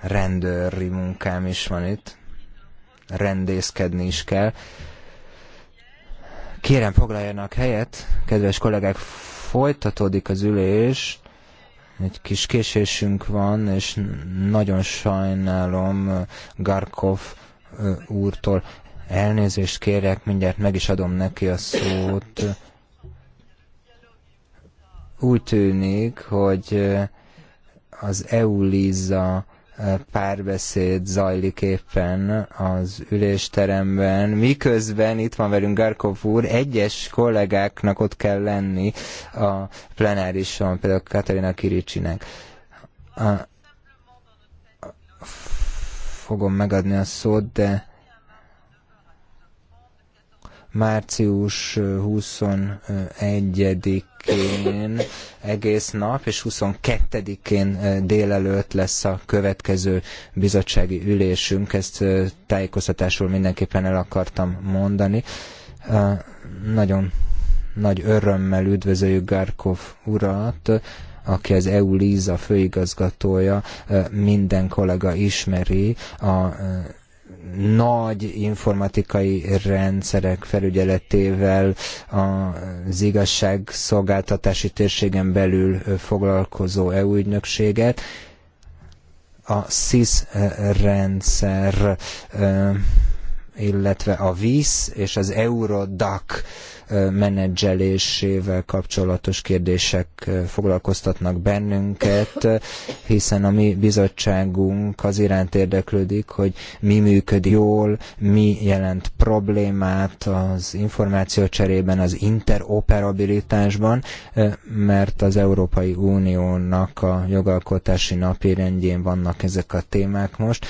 Rendőri munkám is van itt. Rendészkedni is kell. Kérem, foglaljanak helyet. Kedves kollégák, folytatódik az ülés. Egy kis késésünk van, és nagyon sajnálom Garkov úrtól. Elnézést kérek, mindjárt meg is adom neki a szót úgy tűnik, hogy az EU-Liza párbeszéd zajlik éppen az ülésteremben, miközben itt van velünk Garkov úr, egyes kollégáknak ott kell lenni a plenárison, például Katarina Kiricsinek. Fogom megadni a szót, de március 21-én egész nap, és 22-én délelőtt lesz a következő bizottsági ülésünk. Ezt tájékoztatásul mindenképpen el akartam mondani. Nagyon nagy örömmel üdvözöljük Gárkov urat, aki az EU Líza főigazgatója, minden kollega ismeri a nagy informatikai rendszerek felügyeletével az igazságszolgáltatási térségen belül foglalkozó EU ügynökséget. A SIS rendszer illetve a víz és az Eurodac menedzselésével kapcsolatos kérdések foglalkoztatnak bennünket, hiszen a mi bizottságunk az iránt érdeklődik, hogy mi működik jól, mi jelent problémát az információcserében, az interoperabilitásban, mert az Európai Uniónak a jogalkotási napirendjén vannak ezek a témák most.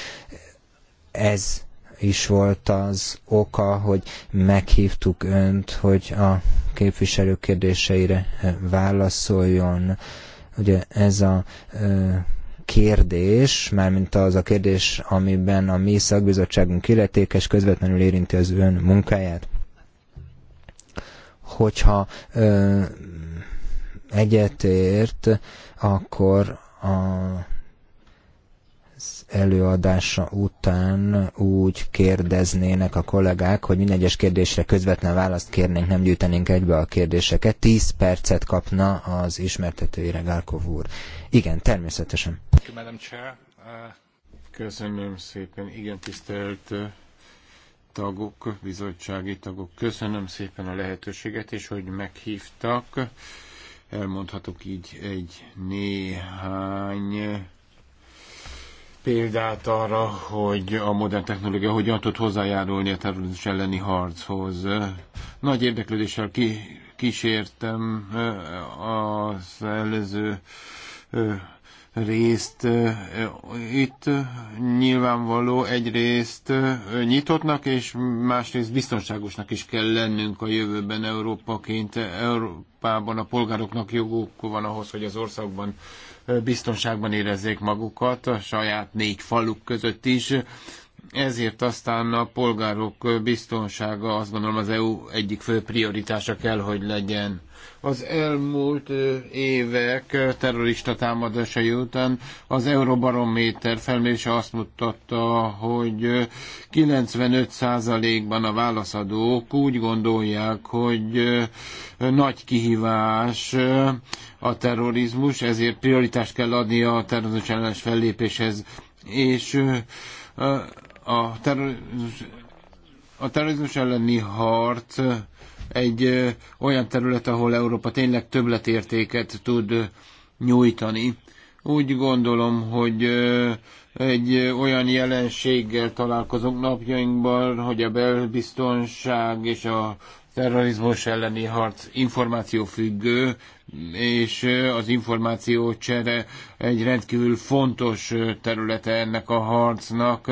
Ez is volt az oka, hogy meghívtuk önt, hogy a képviselők kérdéseire válaszoljon. Ugye ez a kérdés, mármint az a kérdés, amiben a mi szakbizottságunk illetékes közvetlenül érinti az ön munkáját. Hogyha ö, egyetért, akkor a előadása után úgy kérdeznének a kollégák, hogy minden egyes kérdésre közvetlen választ kérnénk, nem gyűjtenénk egybe a kérdéseket. Tíz percet kapna az ismertetőire Gálkov úr. Igen, természetesen. Uh, köszönöm szépen. Igen, tisztelt uh, tagok, bizottsági tagok. Köszönöm szépen a lehetőséget, és hogy meghívtak. Elmondhatok így egy néhány példát arra, hogy a modern technológia hogyan tud hozzájárulni a terrorizmus elleni harchoz. Nagy érdeklődéssel ki, kísértem az előző részt. Itt nyilvánvaló egyrészt nyitottnak és másrészt biztonságosnak is kell lennünk a jövőben Európaként. Európában a polgároknak joguk van ahhoz, hogy az országban biztonságban érezzék magukat, a saját négy faluk között is. Ezért aztán a polgárok biztonsága azt gondolom az EU egyik fő prioritása kell, hogy legyen. Az elmúlt évek terrorista támadásai után az Eurobarométer felmérése azt mutatta, hogy 95%-ban a válaszadók úgy gondolják, hogy nagy kihívás a terrorizmus, ezért prioritást kell adni a terrorizmus ellenes fellépéshez. És a, terrorizmus, a terrorizmus elleni harc egy olyan terület, ahol Európa tényleg többletértéket tud nyújtani. Úgy gondolom, hogy egy olyan jelenséggel találkozunk napjainkban, hogy a belbiztonság és a terrorizmus elleni harc információfüggő, és az információcsere egy rendkívül fontos területe ennek a harcnak.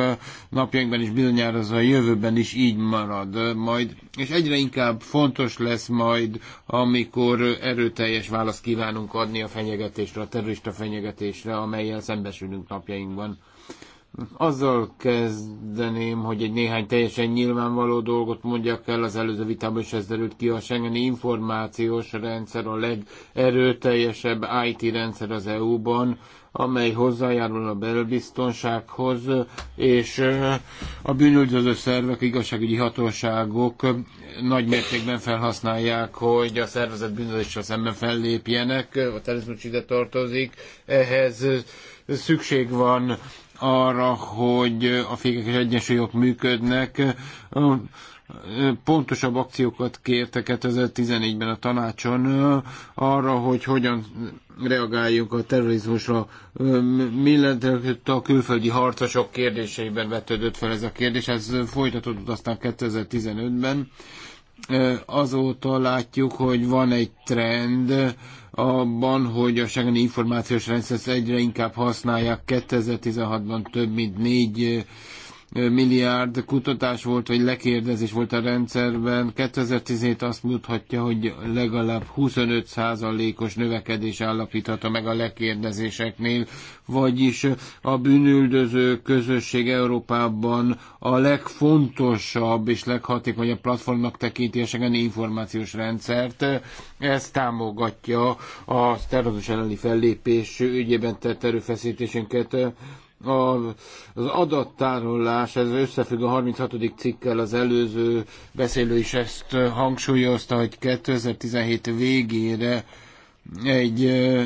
Napjainkban is bizonyára az a jövőben is így marad majd, és egyre inkább fontos lesz majd, amikor erőteljes választ kívánunk adni a fenyegetésre, a terrorista fenyegetésre, amelyel szembesülünk napjainkban. Azzal kezdeném, hogy egy néhány teljesen nyilvánvaló dolgot mondjak el, az előző vitában is ez derült ki, a Schengeni információs rendszer a legerőteljesebb IT rendszer az EU-ban, amely hozzájárul a belbiztonsághoz, és a bűnöldöző szervek, igazságügyi hatóságok nagy mértékben felhasználják, hogy a szervezet bűnözéssel szemben fellépjenek, a terrorizmus ide tartozik, ehhez szükség van arra, hogy a fékek és egyensúlyok működnek. Pontosabb akciókat kértek 2014-ben a tanácson arra, hogy hogyan reagáljunk a terrorizmusra. Mindent a külföldi harcosok kérdéseiben vetődött fel ez a kérdés, ez folytatódott aztán 2015-ben azóta látjuk, hogy van egy trend, abban, hogy a Schengeni információs rendszert egyre inkább használják. 2016-ban több mint 4 milliárd kutatás volt, vagy lekérdezés volt a rendszerben. 2017 azt mutatja, hogy legalább 25 százalékos növekedés állapítható meg a lekérdezéseknél, vagyis a bűnüldöző közösség Európában a legfontosabb és leghatékonyabb platformnak tekinti esetleg információs rendszert. Ez támogatja a terrorizmus elleni fellépés ügyében tett erőfeszítésünket az adattárolás, ez összefügg a 36. cikkel, az előző beszélő is ezt hangsúlyozta, hogy 2017 végére egy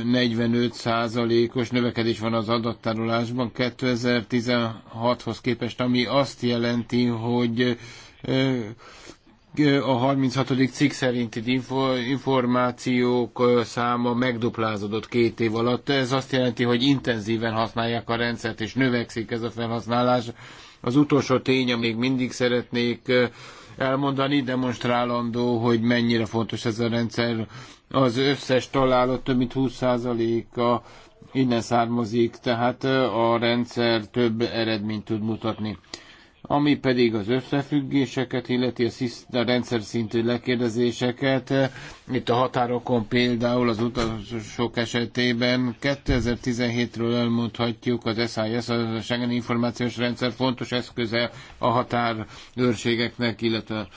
45%-os növekedés van az adattárolásban 2016-hoz képest, ami azt jelenti, hogy a 36. cikk szerinti információk száma megduplázódott két év alatt. Ez azt jelenti, hogy intenzíven használják a rendszert, és növekszik ez a felhasználás. Az utolsó tény, amíg mindig szeretnék elmondani, demonstrálandó, hogy mennyire fontos ez a rendszer. Az összes találat több mint 20%-a innen származik, tehát a rendszer több eredményt tud mutatni ami pedig az összefüggéseket, illeti a, a rendszer szintű lekérdezéseket. Itt a határokon például az utasok esetében 2017-ről elmondhatjuk az SIS, a Schengen Információs Rendszer fontos eszköze a határőrségeknek, illetve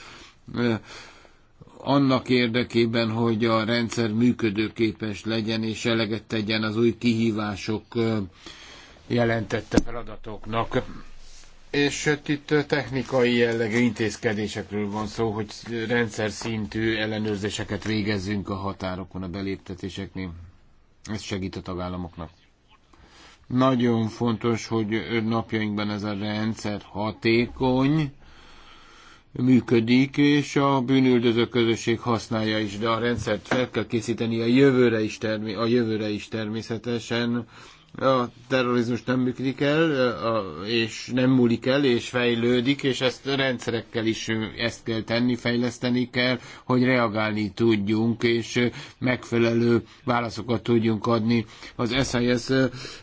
annak érdekében, hogy a rendszer működőképes legyen és eleget tegyen az új kihívások jelentette feladatoknak és hát itt technikai jellegű intézkedésekről van szó, hogy rendszer szintű ellenőrzéseket végezzünk a határokon, a beléptetéseknél. Ez segít a tagállamoknak. Nagyon fontos, hogy napjainkban ez a rendszer hatékony, működik, és a bűnüldöző közösség használja is, de a rendszert fel kell készíteni a jövőre is, termi- a jövőre is természetesen a terrorizmus nem működik el, és nem múlik el, és fejlődik, és ezt rendszerekkel is ezt kell tenni, fejleszteni kell, hogy reagálni tudjunk, és megfelelő válaszokat tudjunk adni. Az SIS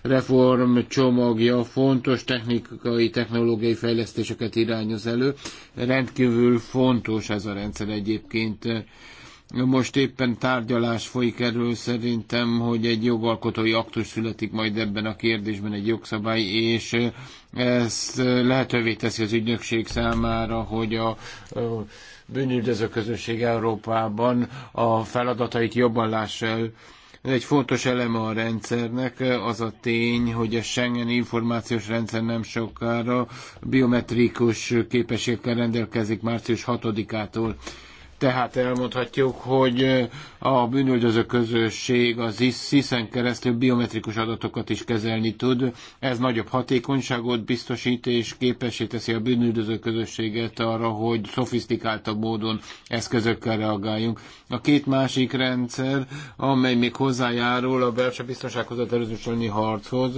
reform csomagja fontos technikai, technológiai fejlesztéseket irányoz elő. Rendkívül fontos ez a rendszer egyébként most éppen tárgyalás folyik erről szerintem, hogy egy jogalkotói aktus születik majd ebben a kérdésben egy jogszabály, és ez lehetővé teszi az ügynökség számára, hogy a, bűnüldöző közösség Európában a feladatait jobban lássa el. Egy fontos eleme a rendszernek az a tény, hogy a Schengen információs rendszer nem sokára biometrikus képességekkel rendelkezik március 6-ától tehát elmondhatjuk, hogy a bűnöldöző közösség az isis en keresztül biometrikus adatokat is kezelni tud. Ez nagyobb hatékonyságot biztosít és képessé teszi a bűnöldöző közösséget arra, hogy szofisztikáltabb módon eszközökkel reagáljunk. A két másik rendszer, amely még hozzájárul a belső biztonsághoz, a terrorizmus harchoz,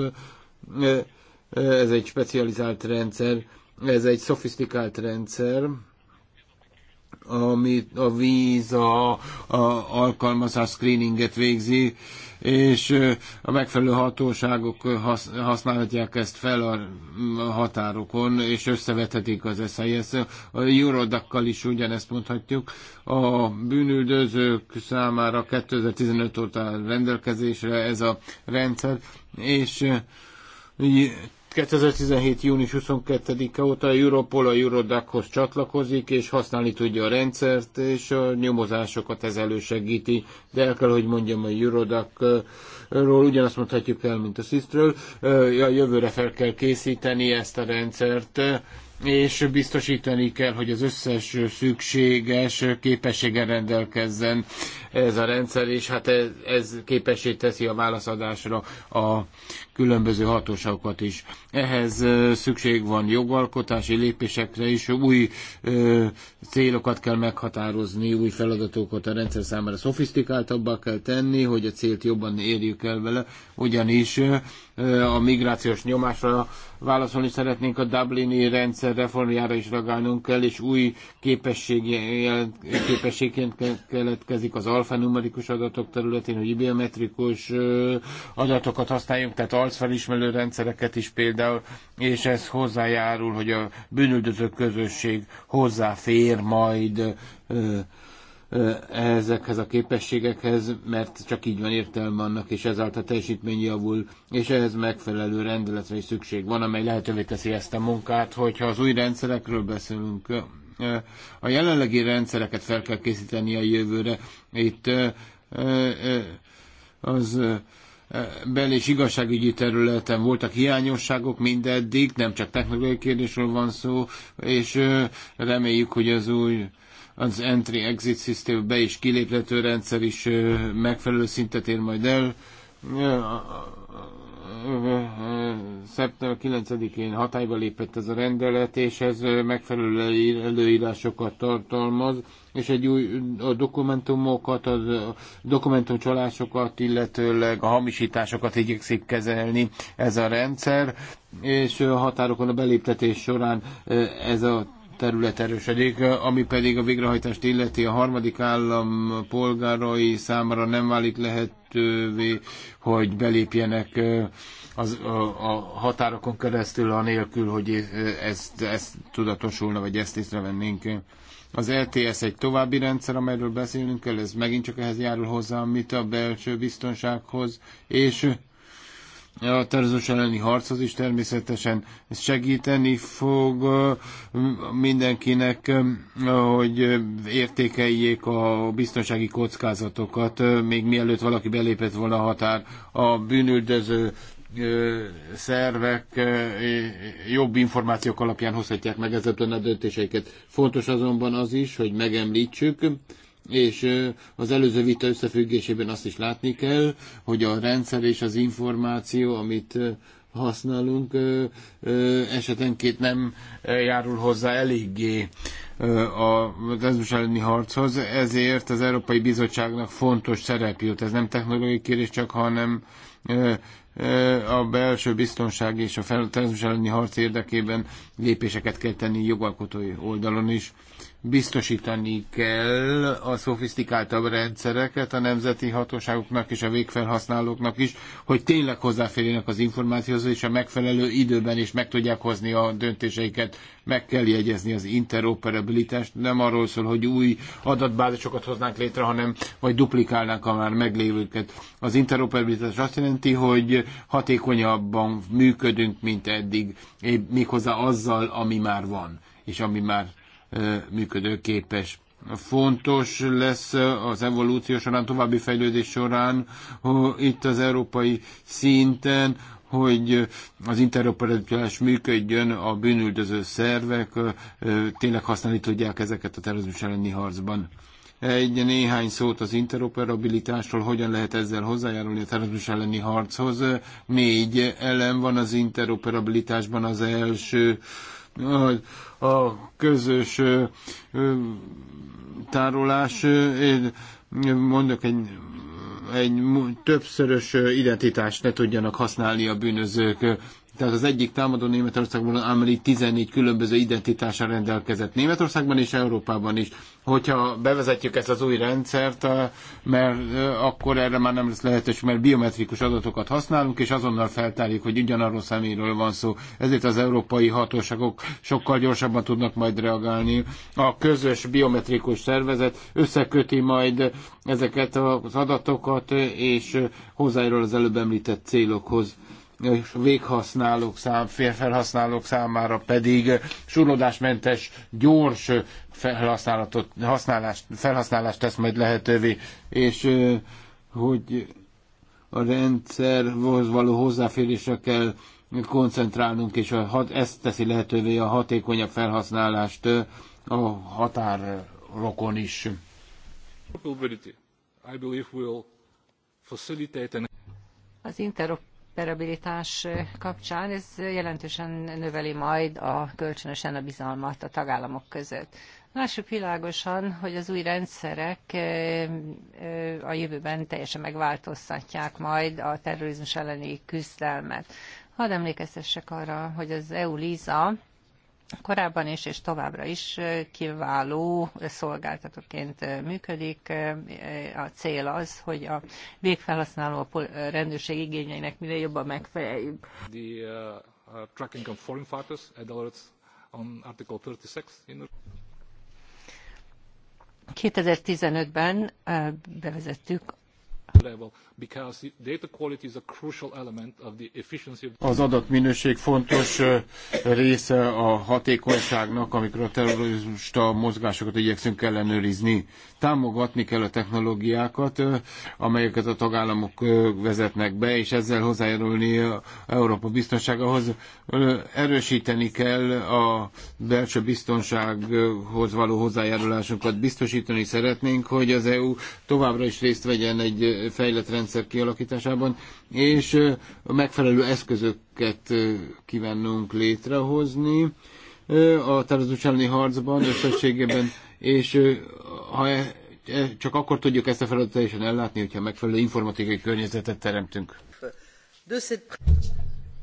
ez egy specializált rendszer, ez egy szofisztikált rendszer, amit a víz a, a alkalmazás screeninget végzi, és a megfelelő hatóságok használhatják ezt fel a határokon, és összevethetik az SIS. A Eurodakkal is ugyanezt mondhatjuk. A bűnüldözők számára 2015 óta rendelkezésre ez a rendszer, és 2017. június 22-e óta a Europol a Eurodachoz csatlakozik, és használni tudja a rendszert, és a nyomozásokat ez elősegíti. De el kell, hogy mondjam, a Eurodacról ugyanazt mondhatjuk el, mint a SIS-ről. A jövőre fel kell készíteni ezt a rendszert és biztosítani kell, hogy az összes szükséges képességgel rendelkezzen ez a rendszer, és hát ez, ez képessé teszi a válaszadásra a különböző hatóságokat is. Ehhez szükség van jogalkotási lépésekre is, új ö, célokat kell meghatározni, új feladatokat a rendszer számára szofisztikáltabbá kell tenni, hogy a célt jobban érjük el vele, ugyanis a migrációs nyomásra válaszolni szeretnénk, a Dublini rendszer reformjára is ragálnunk kell, és új képességként keletkezik az alfanumerikus adatok területén, hogy biometrikus adatokat használjunk, tehát arcfelismerő rendszereket is például, és ez hozzájárul, hogy a bűnüldöző közösség hozzáfér majd ezekhez a képességekhez, mert csak így van értelme annak, és ezáltal a teljesítmény javul, és ehhez megfelelő rendeletre is szükség van, amely lehetővé teszi ezt a munkát, hogyha az új rendszerekről beszélünk, a jelenlegi rendszereket fel kell készíteni a jövőre. Itt az bel- és igazságügyi területen voltak hiányosságok mindeddig, nem csak technológiai kérdésről van szó, és reméljük, hogy az új az entry-exit system be és kiléplető rendszer is megfelelő szintet ér majd el. Szeptember 9-én hatályba lépett ez a rendelet, és ez megfelelő előírásokat tartalmaz, és egy új a dokumentumokat, a dokumentumcsalásokat, illetőleg a hamisításokat igyekszik kezelni ez a rendszer, és a határokon a beléptetés során ez a terület erősödik, ami pedig a végrehajtást illeti a harmadik állam polgárai számára nem válik lehetővé, hogy belépjenek az, a, a határokon keresztül, anélkül, hogy ezt, ezt tudatosulna, vagy ezt észrevennénk. Az LTS egy további rendszer, amelyről beszélnünk kell, ez megint csak ehhez járul hozzá, amit a belső biztonsághoz, és a terrorizmus elleni harchoz is természetesen ez segíteni fog mindenkinek, hogy értékeljék a biztonsági kockázatokat, még mielőtt valaki belépett volna a határ a bűnüldöző szervek jobb információk alapján hozhatják meg ezeket a döntéseiket. Fontos azonban az is, hogy megemlítsük, és az előző vita összefüggésében azt is látni kell, hogy a rendszer és az információ, amit használunk, esetenként nem járul hozzá eléggé a terrorizmus elleni harchoz, ezért az Európai Bizottságnak fontos szerep jut. Ez nem technológiai kérdés csak, hanem a belső biztonság és a terrorizmus elleni harc érdekében lépéseket kell tenni jogalkotói oldalon is. Biztosítani kell a szofisztikáltabb rendszereket a nemzeti hatóságoknak és a végfelhasználóknak is, hogy tényleg hozzáférjenek az információhoz, és a megfelelő időben is meg tudják hozni a döntéseiket. Meg kell jegyezni az interoperabilitást. Nem arról szól, hogy új adatbázisokat hoznánk létre, hanem vagy duplikálnánk a már meglévőket. Az interoperabilitás azt jelenti, hogy hatékonyabban működünk, mint eddig, méghozzá azzal, ami már van és ami már működőképes. Fontos lesz az evolúció során, további fejlődés során, itt az európai szinten, hogy az interoperabilitás működjön, a bűnüldöző szervek tényleg használni tudják ezeket a terrorizmus elleni harcban. Egy néhány szót az interoperabilitásról, hogyan lehet ezzel hozzájárulni a terrorizmus elleni harchoz. Négy elem van az interoperabilitásban. Az első hogy a közös tárolás, én mondok egy, egy többszörös identitást ne tudjanak használni a bűnözők. Tehát az egyik támadó Németországban, amely 14 különböző identitása rendelkezett Németországban és Európában is. Hogyha bevezetjük ezt az új rendszert, eh, mert eh, akkor erre már nem lesz lehetőség, mert biometrikus adatokat használunk, és azonnal feltárjuk, hogy ugyanarról személyről van szó. Ezért az európai hatóságok sokkal gyorsabban tudnak majd reagálni. A közös biometrikus szervezet összeköti majd ezeket az adatokat, eh, és hozzájárul az előbb említett célokhoz és véghasználók szám, felhasználók számára pedig surlódásmentes, gyors felhasználatot, használást, felhasználást tesz majd lehetővé, és hogy a rendszerhoz való hozzáférésre kell koncentrálnunk, és a, ezt teszi lehetővé a hatékonyabb felhasználást a határokon is. Az interop interoperabilitás kapcsán, ez jelentősen növeli majd a kölcsönösen a bizalmat a tagállamok között. Lássuk világosan, hogy az új rendszerek a jövőben teljesen megváltoztatják majd a terrorizmus elleni küzdelmet. Hadd emlékeztessek arra, hogy az EU-LISA korábban is és továbbra is kiváló szolgáltatóként működik. A cél az, hogy a végfelhasználó a rendőrség igényeinek minél jobban megfeleljük. The uh, uh, tracking of foreign fighters on Article 36 2015-ben bevezettük level because data quality is a crucial element of the efficiency. Az adatminőség fontos része a hatékonyságnak, amikor a terrorista mozgásokat igyekszünk ellenőrizni. Támogatni kell a technológiákat, amelyeket a tagállamok vezetnek be, és ezzel hozzájárulni Európa biztonságához. Erősíteni kell a belső biztonsághoz való hozzájárulásunkat. Biztosítani szeretnénk, hogy az EU továbbra is részt vegyen egy fejlett rendszer kialakításában, és a megfelelő eszközöket kívánunk létrehozni a terrorizmus elleni harcban összességében, és ha e, e, csak akkor tudjuk ezt a feladatot teljesen ellátni, hogyha megfelelő informatikai környezetet teremtünk.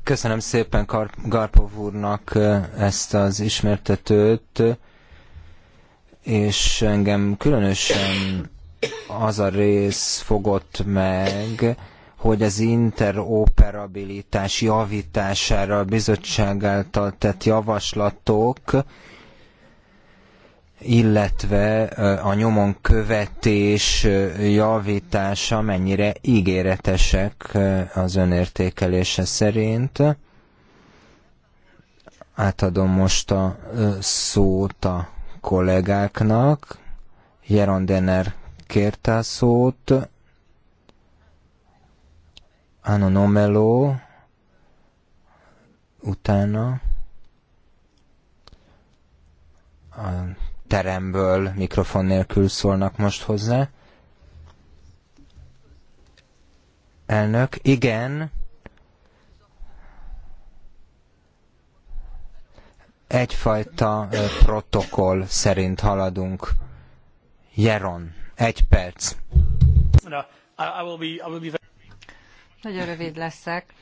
Köszönöm szépen Garpov úrnak ezt az ismertetőt, és engem különösen az a rész fogott meg, hogy az interoperabilitás javítására a bizottság által tett javaslatok, illetve a nyomon követés javítása mennyire ígéretesek az önértékelése szerint. Átadom most a szót a kollégáknak. Jeron Denner kérte a szót. Anno Nomelo, utána a teremből mikrofon nélkül szólnak most hozzá. Elnök, igen. Egyfajta protokoll szerint haladunk. Jeron perc. Nagyon rövid leszek.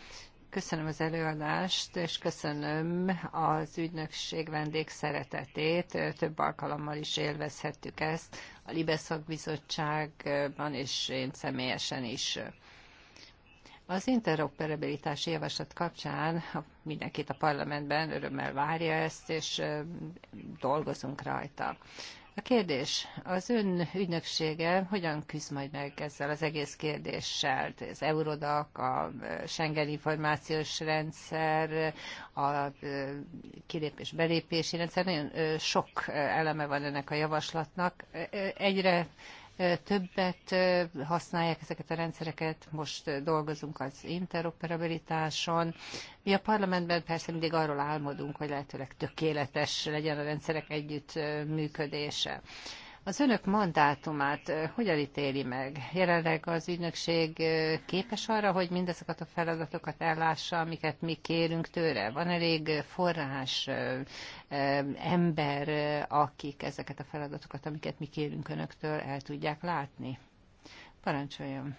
Köszönöm az előadást, és köszönöm az ügynökség vendégszeretetét. Több alkalommal is élvezhettük ezt a Libe Szakbizottságban, és én személyesen is. Az interoperabilitási javaslat kapcsán mindenkit a parlamentben örömmel várja ezt, és dolgozunk rajta. A kérdés, az ön ügynöksége hogyan küzd majd meg ezzel az egész kérdéssel? Az Eurodac, a e, Schengen információs rendszer, a e, kilépés-belépési rendszer, nagyon e, sok eleme van ennek a javaslatnak. Egyre többet használják ezeket a rendszereket, most dolgozunk az interoperabilitáson. Mi a parlamentben persze mindig arról álmodunk, hogy lehetőleg tökéletes legyen a rendszerek együtt működése. Az önök mandátumát hogyan ítéli meg? Jelenleg az ügynökség képes arra, hogy mindezeket a feladatokat ellássa, amiket mi kérünk tőle? Van elég forrás, ember, akik ezeket a feladatokat, amiket mi kérünk önöktől, el tudják látni? Parancsoljon!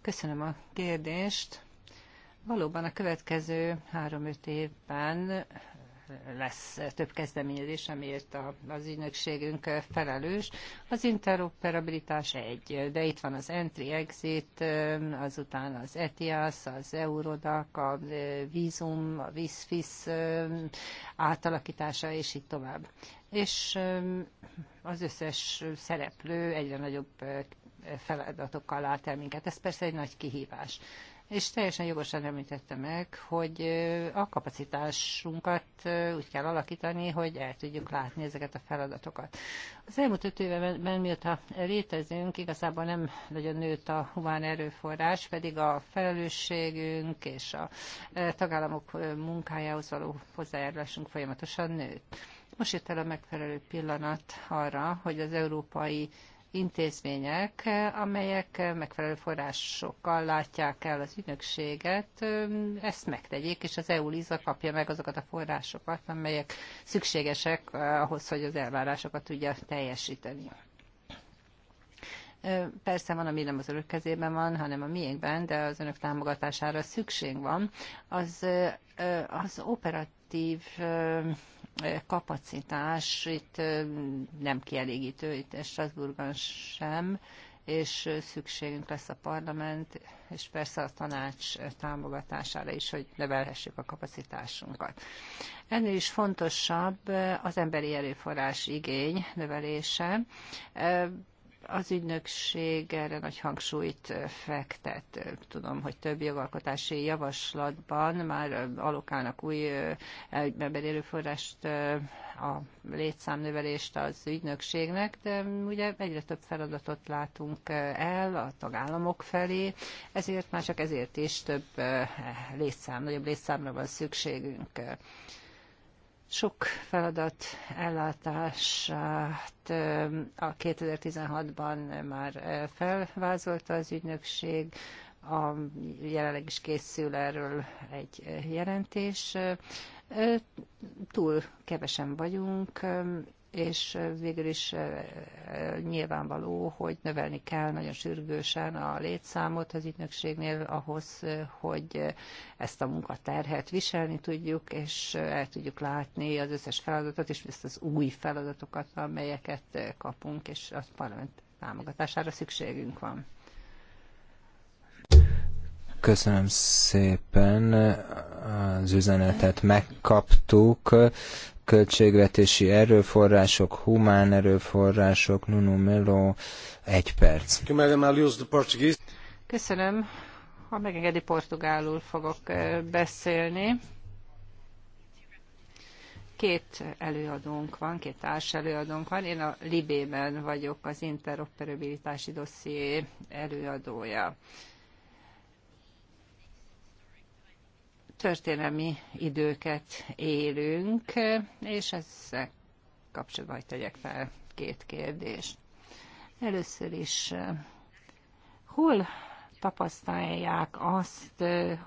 Köszönöm a kérdést. Valóban a következő három-öt évben lesz több kezdeményezés, amiért az ügynökségünk felelős. Az interoperabilitás egy, de itt van az entry-exit, azután az ETIAS, az Eurodac, a e, vízum, a vízfisz e, átalakítása, és így tovább. És e, az összes szereplő egyre nagyobb feladatokkal lát el minket. Ez persze egy nagy kihívás és teljesen jogosan említette meg, hogy a kapacitásunkat úgy kell alakítani, hogy el tudjuk látni ezeket a feladatokat. Az elmúlt öt évben, mióta létezünk, igazából nem nagyon nőtt a humán erőforrás, pedig a felelősségünk és a tagállamok munkájához való hozzájárulásunk folyamatosan nőtt. Most jött el a megfelelő pillanat arra, hogy az európai intézmények, amelyek megfelelő forrásokkal látják el az ügynökséget, ezt megtegyék, és az EU-LISA kapja meg azokat a forrásokat, amelyek szükségesek ahhoz, hogy az elvárásokat tudja teljesíteni. Persze van, ami nem az önök kezében van, hanem a miénkben, de az önök támogatására szükség van. Az, az operatív kapacitás itt nem kielégítő, itt Strasbourgban sem, és szükségünk lesz a parlament, és persze a tanács támogatására is, hogy nevelhessük a kapacitásunkat. Ennél is fontosabb az emberi erőforrás igény növelése az ügynökség erre nagy hangsúlyt fektet. Tudom, hogy több jogalkotási javaslatban már alokálnak új emberi erőforrást, a létszámnövelést az ügynökségnek, de ugye egyre több feladatot látunk el a tagállamok felé, ezért már csak ezért is több létszám, nagyobb létszámra van szükségünk sok feladat ellátását a 2016-ban már felvázolta az ügynökség, a, jelenleg is készül erről egy jelentés. Túl kevesen vagyunk, és végül is nyilvánvaló, hogy növelni kell nagyon sürgősen a létszámot az ügynökségnél ahhoz, hogy ezt a munkaterhet viselni tudjuk, és el tudjuk látni az összes feladatot, és ezt az új feladatokat, amelyeket kapunk, és a parlament támogatására szükségünk van. Köszönöm szépen az üzenetet, megkaptuk költségvetési erőforrások, humán erőforrások, Nuno Melo, egy perc. Köszönöm. Ha megengedi, portugálul fogok beszélni. Két előadónk van, két társ előadónk van. Én a Libében vagyok az interoperabilitási dosszié előadója. történelmi időket élünk, és ezzel kapcsolatban tegyek fel két kérdést. Először is, hol tapasztalják azt,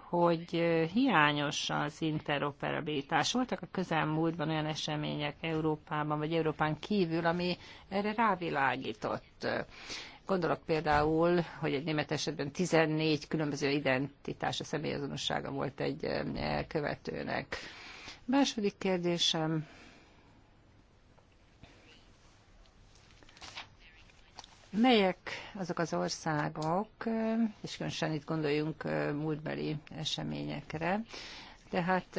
hogy hiányos az interoperabilitás. Voltak a közelmúltban olyan események Európában, vagy Európán kívül, ami erre rávilágított. Gondolok például, hogy egy német esetben 14 különböző identitása, személyazonossága volt egy eh, követőnek. második kérdésem, Melyek azok az országok, eh, és különösen itt gondoljunk eh, múltbeli eseményekre, tehát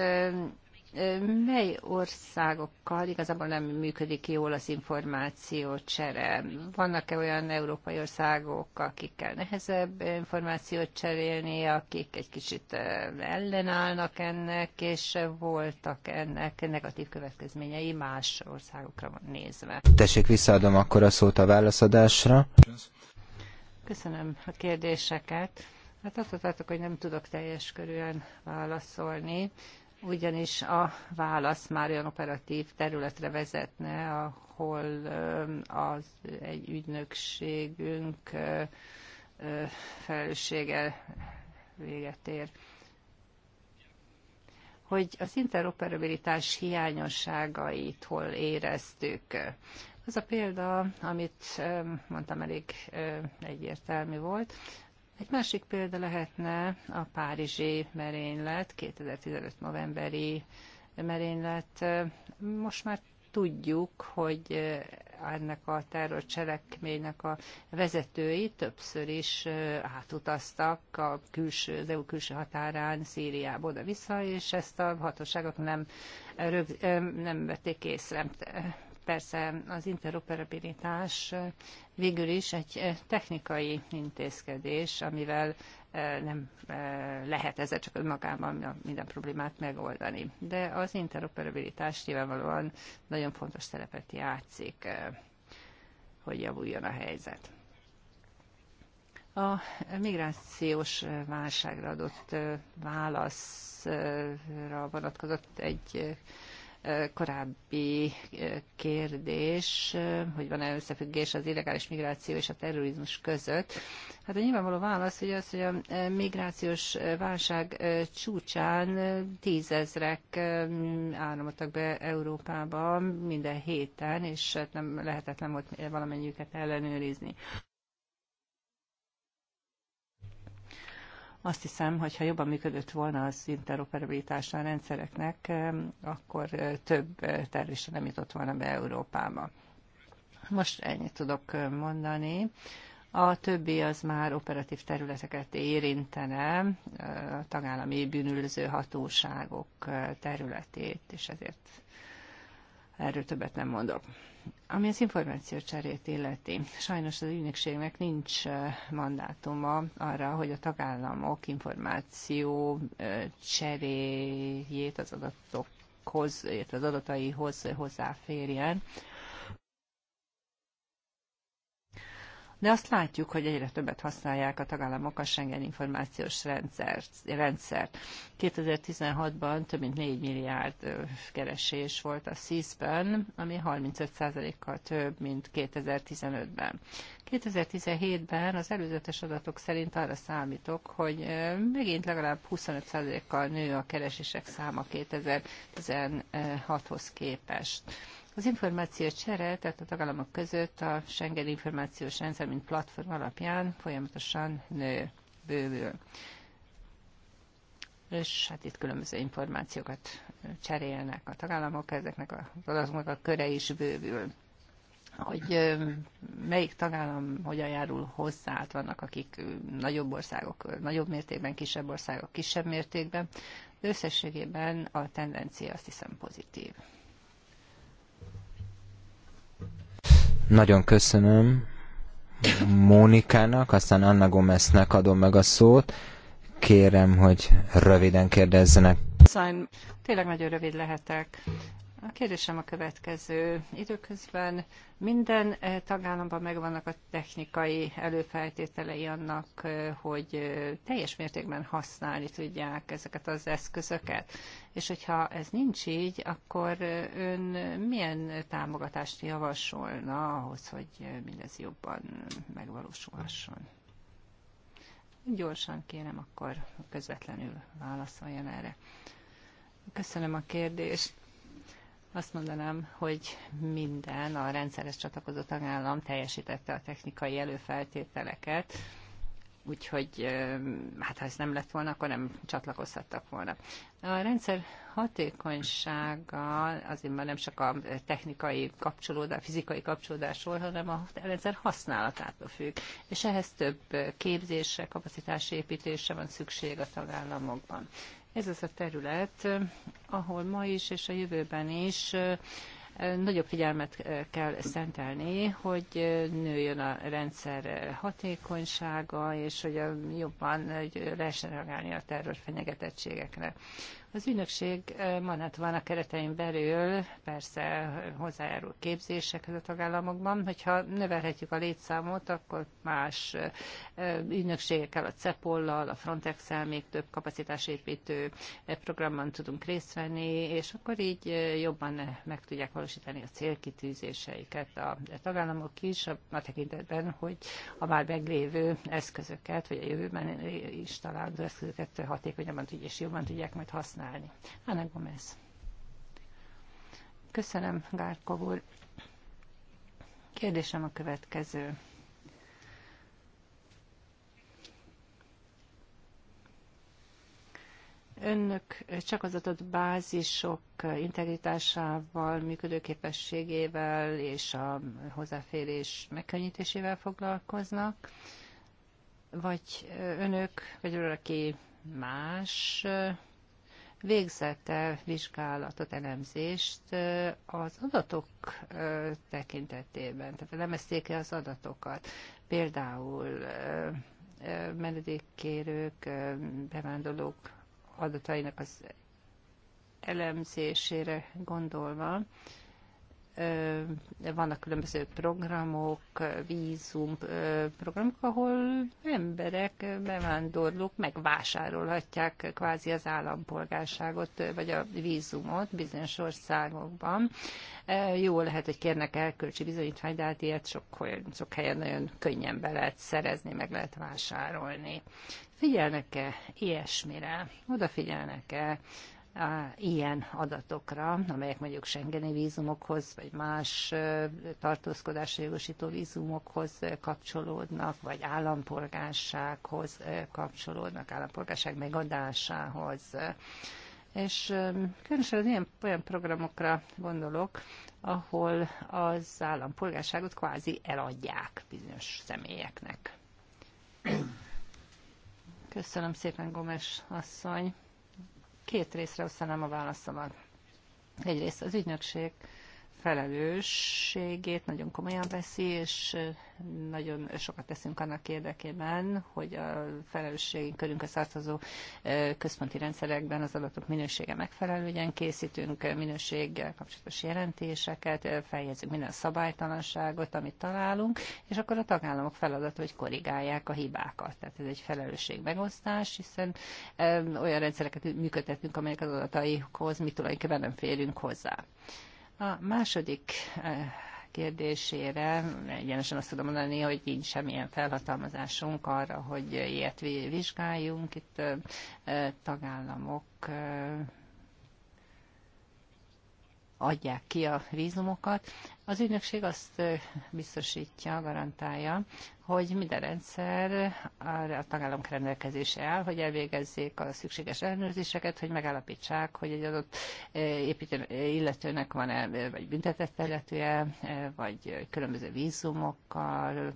mely országokkal igazából nem működik jól az információcsere? Vannak-e olyan európai országok, akikkel nehezebb információt cserélni, akik egy kicsit ellenállnak ennek, és voltak ennek negatív következményei más országokra nézve? Tessék, visszaadom akkor a szót a válaszadásra. Köszönöm a kérdéseket. Hát azt mondtátok, hogy nem tudok teljes körülön válaszolni ugyanis a válasz már olyan operatív területre vezetne, ahol az egy ügynökségünk felelőssége véget ér. Hogy az interoperabilitás hiányosságait hol éreztük. Az a példa, amit mondtam, elég egyértelmű volt, egy másik példa lehetne a Párizsi merénylet, 2015 novemberi merénylet. Most már tudjuk, hogy ennek a terrorcselekménynek a vezetői többször is átutaztak a külső, az EU külső határán Szíriába oda-vissza, és ezt a hatóságok nem, rög, nem vették észre. Persze az interoperabilitás végül is egy technikai intézkedés, amivel eh, nem eh, lehet ezzel csak önmagában minden problémát megoldani. De az interoperabilitás nyilvánvalóan nagyon fontos szerepet játszik, eh, hogy javuljon a helyzet. A migrációs válságra adott válaszra vonatkozott egy korábbi kérdés, hogy van-e összefüggés az illegális migráció és a terrorizmus között. Hát a nyilvánvaló válasz, hogy az, hogy a migrációs válság csúcsán tízezrek áramoltak be Európába minden héten, és hát nem lehetetlen volt valamennyiüket ellenőrizni. Azt hiszem, hogy ha jobban működött volna az interoperabilitás a rendszereknek, akkor több terrorista nem jutott volna be Európába. Most ennyit tudok mondani. A többi az már operatív területeket érintene, a tagállami bűnülöző hatóságok területét, és ezért erről többet nem mondok. Ami az információcserét illeti, sajnos az ügynökségnek nincs mandátuma arra, hogy a tagállamok információ cseréjét az adatokhoz, illetve az adataihoz hozzáférjen. de azt látjuk, hogy egyre többet használják a tagállamok a Schengen információs rendszert. rendszert. 2016-ban több mint 4 milliárd keresés volt a sis ben ami 35%-kal több, mint 2015-ben. 2017-ben az előzetes adatok szerint arra számítok, hogy megint legalább 25%-kal nő a keresések száma 2016-hoz képest. Az információ csere, tehát a tagállamok között a Schengen információs rendszer, mint platform alapján folyamatosan nő, bővül. És hát itt különböző információkat cserélnek a tagállamok, ezeknek az adatoknak a köre is bővül hogy melyik tagállam hogyan járul hozzá, hát vannak, akik nagyobb országok, nagyobb mértékben, kisebb országok, kisebb mértékben. Összességében a tendencia azt hiszem pozitív. Nagyon köszönöm Mónikának, aztán Anna Gomeznek adom meg a szót. Kérem, hogy röviden kérdezzenek. Tényleg nagyon rövid lehetek. A kérdésem a következő. Időközben minden eh, tagállamban megvannak a technikai előfeltételei annak, eh, hogy eh, teljes mértékben használni tudják ezeket az eszközöket. És hogyha ez nincs így, akkor ön milyen támogatást javasolna ahhoz, hogy mindez jobban megvalósulhasson? Gyorsan kérem, akkor közvetlenül válaszoljon erre. Köszönöm a kérdést. Azt mondanám, hogy minden a rendszeres csatlakozó tagállam teljesítette a technikai előfeltételeket, úgyhogy hát ha ez nem lett volna, akkor nem csatlakozhattak volna. A rendszer hatékonysága azért már nem csak a technikai kapcsolódás, fizikai kapcsolódásról, hanem a rendszer használatától függ, és ehhez több képzésre, építésre van szükség a tagállamokban. Ez az a terület, eh, ahol ma is és a jövőben is eh, eh, nagyobb figyelmet kell szentelni, hogy nőjön a rendszer hatékonysága, és hogy jobban hogy lehessen reagálni a terror fenyegetettségekre. Az ügynökség van a keretein belül persze hozzájárul képzésekhez a tagállamokban, hogyha növelhetjük a létszámot, akkor más ügynökségekkel, a CEPOL-lal, a frontex még több kapacitásépítő programban tudunk részt venni, és akkor így jobban meg tudják valósítani a célkitűzéseiket a tagállamok is, a tekintetben, hogy a már meglévő eszközöket, vagy a jövőben is található eszközöket hatékonyabban tudják és jobban tudják majd használni használni. Ana Gomez. Köszönöm, Gárkov úr. Kérdésem a következő. Önök csak az adott bázisok integritásával, működőképességével és a hozzáférés megkönnyítésével foglalkoznak, vagy önök, vagy valaki más végzett el vizsgálatot, elemzést az adatok tekintetében, tehát elemezték -e az adatokat. Például menedékkérők, bevándorlók adatainak az elemzésére gondolva, vannak különböző programok, vízum programok, ahol emberek, bevándorlók megvásárolhatják kvázi az állampolgárságot, vagy a vízumot bizonyos országokban. Jó lehet, hogy kérnek elkölcsi bizonyítványt, de hát ilyet sok, sok helyen nagyon könnyen be lehet szerezni, meg lehet vásárolni. Figyelnek-e ilyesmire? Odafigyelnek-e ilyen adatokra, amelyek mondjuk Schengeni vízumokhoz, vagy más tartózkodásra jogosító vízumokhoz kapcsolódnak, vagy állampolgársághoz kapcsolódnak, állampolgárság megadásához. És különösen az ilyen olyan programokra gondolok, ahol az állampolgárságot kvázi eladják bizonyos személyeknek. Köszönöm szépen, Gomes asszony. Két részre osztanám a válaszomat. Egyrészt az ügynökség felelősségét nagyon komolyan veszi, és nagyon sokat teszünk annak érdekében, hogy a felelősségi körünkre tartozó központi rendszerekben az adatok minősége megfelelően készítünk minőséggel kapcsolatos jelentéseket, feljegyzünk minden szabálytalanságot, amit találunk, és akkor a tagállamok feladata, hogy korrigálják a hibákat. Tehát ez egy felelősség megosztás, hiszen olyan rendszereket működtetünk, amelyek az adataihoz mi tulajdonképpen nem férünk hozzá. A második eh, kérdésére egyenesen azt tudom mondani, hogy nincs semmilyen felhatalmazásunk arra, hogy ilyet vizsgáljunk. Itt eh, eh, tagállamok adják ki a vízumokat. Az ügynökség azt biztosítja, garantálja, hogy minden rendszer a tagállamok rendelkezése áll, hogy elvégezzék a szükséges ellenőrzéseket, hogy megállapítsák, hogy egy adott építő, illetőnek van-e, vagy büntetett illetője, vagy különböző vízumokkal,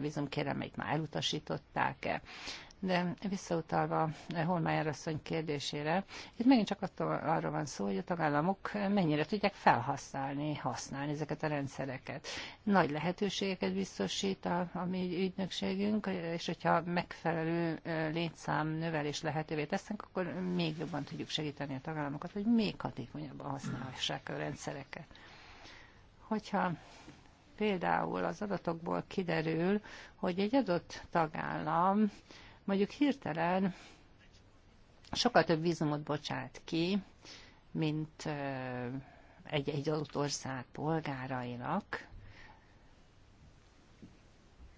vízumkérelmeit már elutasították-e. De visszautalva Holmájár asszony kérdésére, itt megint csak attól, arról van szó, hogy a tagállamok mennyire tudják felhasználni, használni ezeket a rendszereket. Nagy lehetőségeket biztosít a, a mi ügynökségünk, és hogyha megfelelő létszám növelés lehetővé tesznek, akkor még jobban tudjuk segíteni a tagállamokat, hogy még hatékonyabban használhassák a rendszereket. Hogyha például az adatokból kiderül, hogy egy adott tagállam mondjuk hirtelen sokkal több vízumot bocsát ki, mint egy-egy adott ország polgárainak,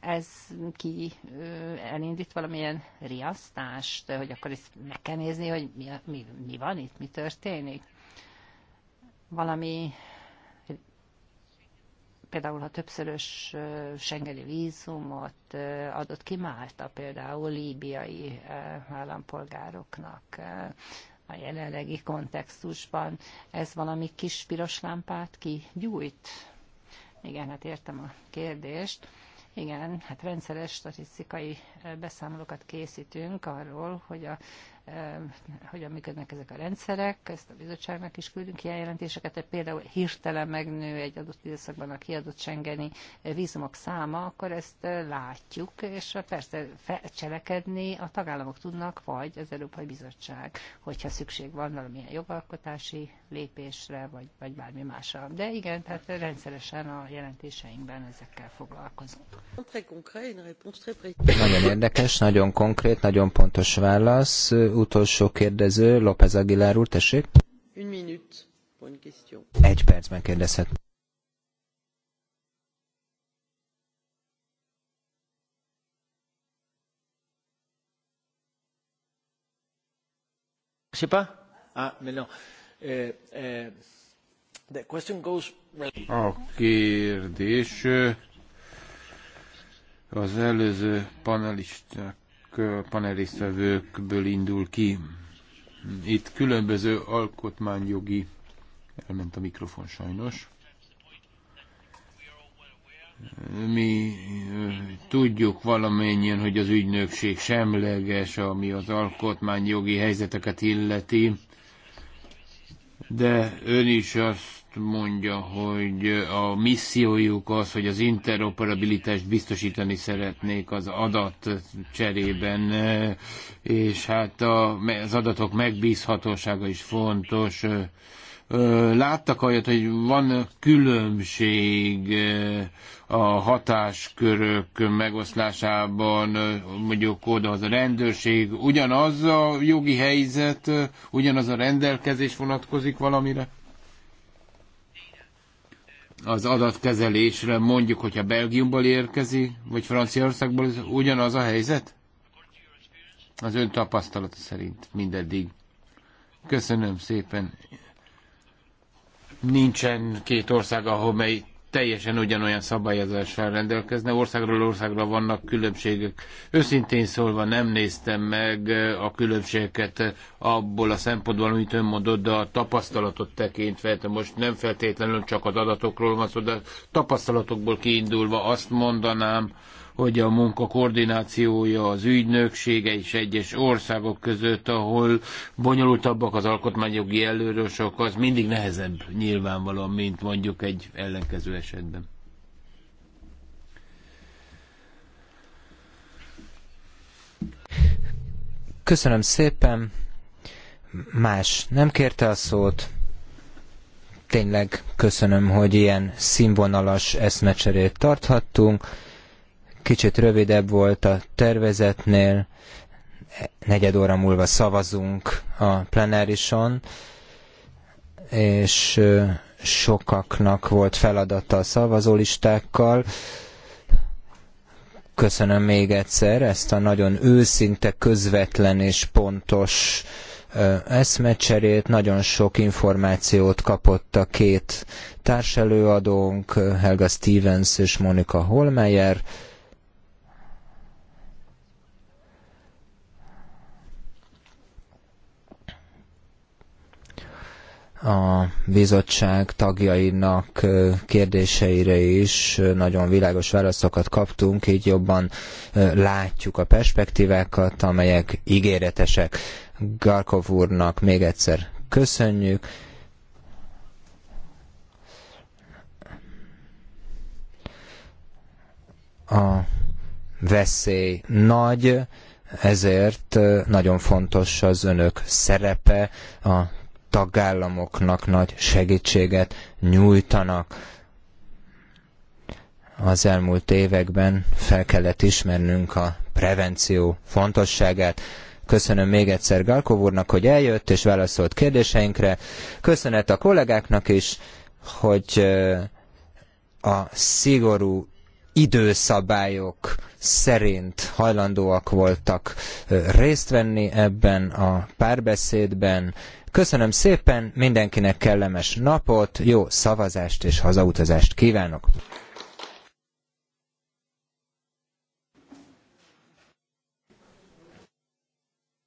ez ki elindít valamilyen riasztást, hogy akkor ezt meg kell nézni, hogy mi, mi, mi van itt, mi történik. Valami például ha többszörös sengeli vízumot adott ki Málta például líbiai állampolgároknak a jelenlegi kontextusban, ez valami kis piros lámpát ki gyújt? Igen, hát értem a kérdést. Igen, hát rendszeres statisztikai eh, beszámolókat készítünk arról, hogy a, e, hogyan működnek ezek a rendszerek, ezt a bizottságnak is küldünk ilyen jelentéseket, tehát például hirtelen megnő egy adott időszakban a kiadott sengeni eh, vízumok száma, akkor ezt látjuk, és persze cselekedni a tagállamok tudnak, vagy az Európai Bizottság, hogyha szükség van valamilyen jogalkotási lépésre, vagy, vagy bármi másra. De igen, tehát rendszeresen a jelentéseinkben ezekkel foglalkozunk. Nagyon érdekes, nagyon konkrét, nagyon pontos válasz. Utolsó kérdező, López Aguilar úr, tessék. Egy percben kérdezhet. Je sais pas. Ah, mais non. Eh, eh, a kérdés eh, az előző panelisták, panelisztevőkből indul ki. Itt különböző alkotmányjogi, elment a mikrofon sajnos, mi tudjuk valamennyien, hogy az ügynökség semleges, ami az alkotmányjogi helyzeteket illeti, de ön is azt mondja, hogy a missziójuk az, hogy az interoperabilitást biztosítani szeretnék az adat cserében, és hát az adatok megbízhatósága is fontos láttak olyat, hogy van különbség a hatáskörök megoszlásában, mondjuk oda az a rendőrség, ugyanaz a jogi helyzet, ugyanaz a rendelkezés vonatkozik valamire? Az adatkezelésre mondjuk, hogyha Belgiumból érkezik, vagy Franciaországból, ugyanaz a helyzet? Az ön tapasztalata szerint mindeddig. Köszönöm szépen. Nincsen két ország, ahol mely teljesen ugyanolyan szabályozással rendelkezne. Országról országra vannak különbségek. Őszintén szólva nem néztem meg a különbségeket abból a szempontból, amit ön mondott, de a tapasztalatot tekintve, most nem feltétlenül csak az adatokról van szó, de a tapasztalatokból kiindulva azt mondanám, hogy a munka koordinációja az ügynöksége és egyes országok között, ahol bonyolultabbak az alkotmányjogi előrösök, az mindig nehezebb nyilvánvalóan, mint mondjuk egy ellenkező esetben. Köszönöm szépen. Más nem kérte a szót. Tényleg köszönöm, hogy ilyen színvonalas eszmecserét tarthattunk. Kicsit rövidebb volt a tervezetnél, negyed óra múlva szavazunk a plenárison, és sokaknak volt feladata a szavazólistákkal. Köszönöm még egyszer ezt a nagyon őszinte, közvetlen és pontos eszmecserét, nagyon sok információt kapott a két társelőadónk, Helga Stevens és Monika Holmeyer a bizottság tagjainak kérdéseire is nagyon világos válaszokat kaptunk, így jobban látjuk a perspektívákat, amelyek ígéretesek. Garkov úrnak még egyszer köszönjük. A veszély nagy, ezért nagyon fontos az önök szerepe a tagállamoknak nagy segítséget nyújtanak. Az elmúlt években fel kellett ismernünk a prevenció fontosságát. Köszönöm még egyszer Galkov úrnak, hogy eljött és válaszolt kérdéseinkre. Köszönet a kollégáknak is, hogy a szigorú időszabályok szerint hajlandóak voltak részt venni ebben a párbeszédben, Köszönöm szépen, mindenkinek kellemes napot, jó szavazást és hazautazást kívánok!